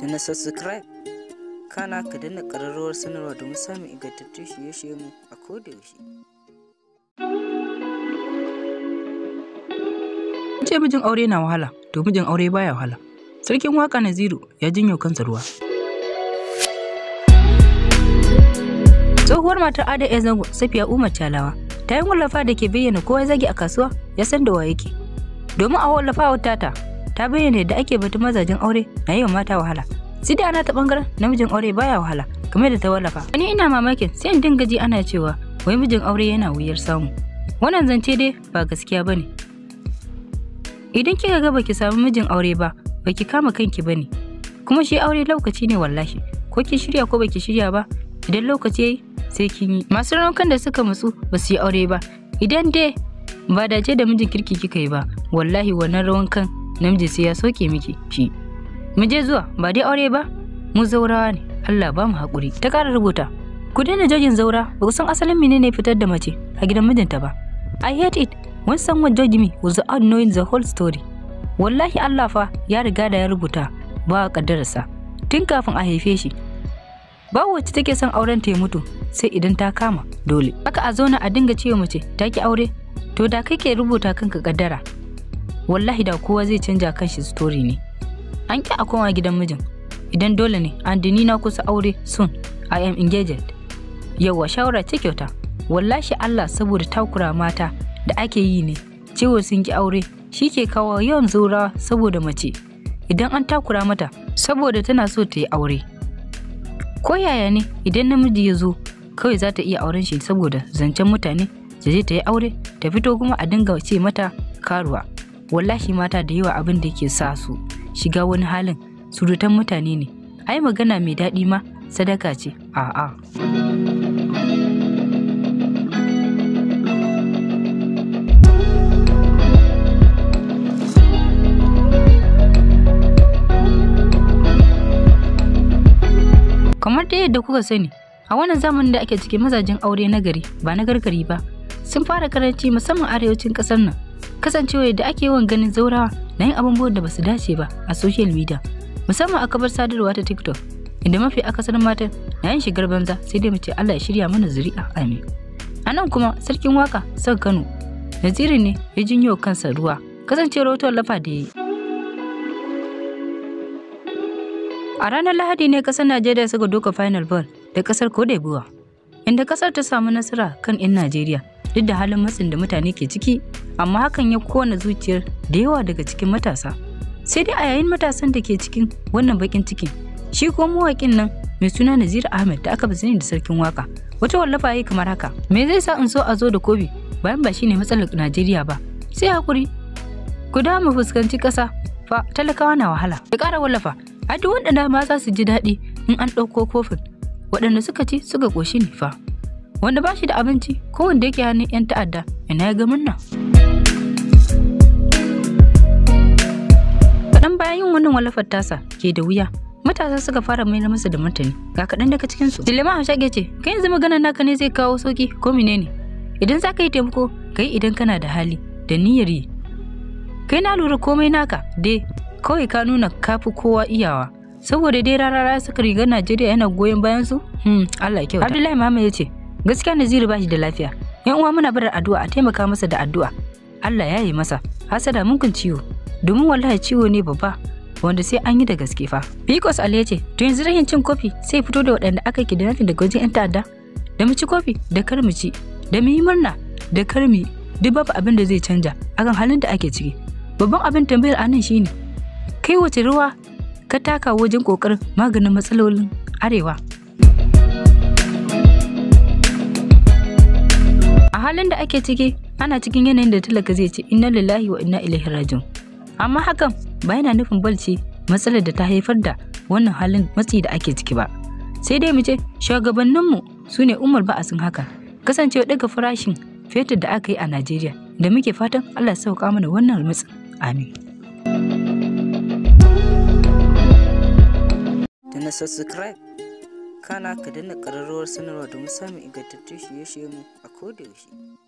da na subscribe kana ka dana ƙararrawar sanarwa domin samun ingantattun shiye shirye mu a kodayaushe. ce mijin aure na wahala to mijin aure baya wahala sarkin waka naziru ya jinyo kansa ruwa tsohuwar matar ada ya zango safiya umar calawa ta yi wallafa da ke bayyana kowa zagi a kasuwa ya san da wa yake domin a wallafa tata ta bayyana yadda ake batun mazajen aure na yi wa mata wahala Sida ana ta bangaren namijin aure baya wahala game da ta wallafa wani ina mamakin sai in dinga ji ana cewa wai mijin aure yana wuyar samu wannan zance dai ba gaskiya bane idan kika ga baki samu mijin aure ba baki kama kanki bane kuma shi aure lokaci ne wallahi ko ki shirya ko baki shirya ba idan lokaci yayi sai kin yi masu raunukan da suka mutsu ba su yi aure ba idan dai ba dace da mijin kirki kika yi ba wallahi wannan rawan kan namiji sai ya sauke miki shi mu je zuwa ba dai aure ba mu zaurawa ne Allah ba mu haƙuri ta ƙara rubuta ku daina jojin zaura ba ku san asalin menene fitar da mace a gidan mijinta ba I hate it when someone judge me without knowing the whole story wallahi Allah fa ya riga da ya rubuta ba kaddararsa tun kafin a haife shi ba wacce take son auren ta ya mutu sai idan ta kama dole aka a zauna a dinga cewa mace ta ki aure to da kake rubuta kanka kaddara wallahi da kowa zai canja kanshi story ne an ki a koma gidan mijin idan dole ne and ni na kusa aure soon i am engaged yawa shawara ce kyauta wallahi Allah saboda takura mata da ake yi ne ciwo sun ki aure shi ke kawo yawan zura saboda mace idan an takura mata saboda tana so ta yi aure ko yaya ne idan namiji ya zo kawai za ta iya auren shi saboda zancen mutane ta je ta yi aure ta fito kuma a dinga ce mata karuwa wallahi mata da yawa abin da ke sa su shiga wani halin surutan mutane ne ai magana mai daɗi ma sadaka ce a'a kamar da yadda kuka sani a wannan zamanin da ake cikin mazajen aure na gari ba na gargari ba sun fara karanci musamman arewacin ƙasar nan kasancewa yadda ake yawan ganin zaurawa na yin abubuwan da basu dace ba a social media musamman a kabar sadarwa ta tiktok inda mafi akasar matan na yin shigar banza sai dai mace allah ya shirya mana zuri'a amin a nan kuma sarkin waka son kano naziri ne ya jinyo kansa ruwa kasancewar wata lafa da ya yi a ranar lahadi ne kasar najeriya suka doka final ball da kasar kodebuwa inda kasar ta samu nasara kan 'yan najeriya duk da halin matsin da mutane ke ciki amma hakan ya kona zuciyar da yawa daga cikin matasa sai dai a yayin matasan da ke cikin wannan bakin ciki shi ko mawakin nan mai suna Nazir Ahmed da aka fi sani da sarkin waka wata wallafa yi kamar haka me zai sa in so a zo da kobi bayan ba shi ne matsalar Najeriya ba sai hakuri ku da mu fuskanci ƙasa fa talakawa na wahala ya kara wallafa a duk waɗanda ma za su ji daɗi in an ɗauko kofin waɗanda suka ci suka ƙoshi ne fa wanda ba shi da abinci ko wanda yake hannun 'yan ta'adda ina ya ga murna. irin wannan wallafar tasa ke da wuya matasa suka fara mai masa da martani ga kaɗan daga cikin su dilema shage ce kai yanzu magana naka ne zai kawo sauki ko menene idan za ka yi taimako kai idan kana da hali da niyyar yi kai na lura komai naka dai kawai ka nuna kafi kowa iyawa saboda dai rarara suka riga Najeriya yana goyon bayan su hmm Allah kyauta Abdullahi Muhammad ya ce gaskiya Naziru ba shi da lafiya yan uwa muna barar addu'a a taimaka masa da addu'a Allah ya yi masa hasada mun kun ciwo domin wallahi ciwo ne babba wanda sai an yi da gaske fa. Bikos Ali ya ce, to yanzu rahin cin kofi sai fito da waɗanda aka ki da daga wajen 'yan ta'adda. Da mu ci kofi da kar mu ci, da mu yi murna da kar mu duk babu abin da zai canja akan halin da ake ciki. Babban abin tambayar a nan ne kai wace ruwa ka taka wajen ƙoƙarin maganin matsalolin arewa. A halin da ake ciki, ana cikin yanayin da talaka zai ce inna lillahi wa inna ilaihi rajiun. Amma hakan ba yana nufin balci matsalar da ta haifar da wannan halin matsi da ake ciki ba sai dai mu ce shugabanninmu su ne umar ba a sun haka kasancewa daga farashin fetur da aka yi a najeriya da muke fatan allah ya sauka mana wannan matsin amin da na subscribe kana ka dana ƙararrawar sanarwa domin samun ingantattun shirye-shirye mu a yaushe.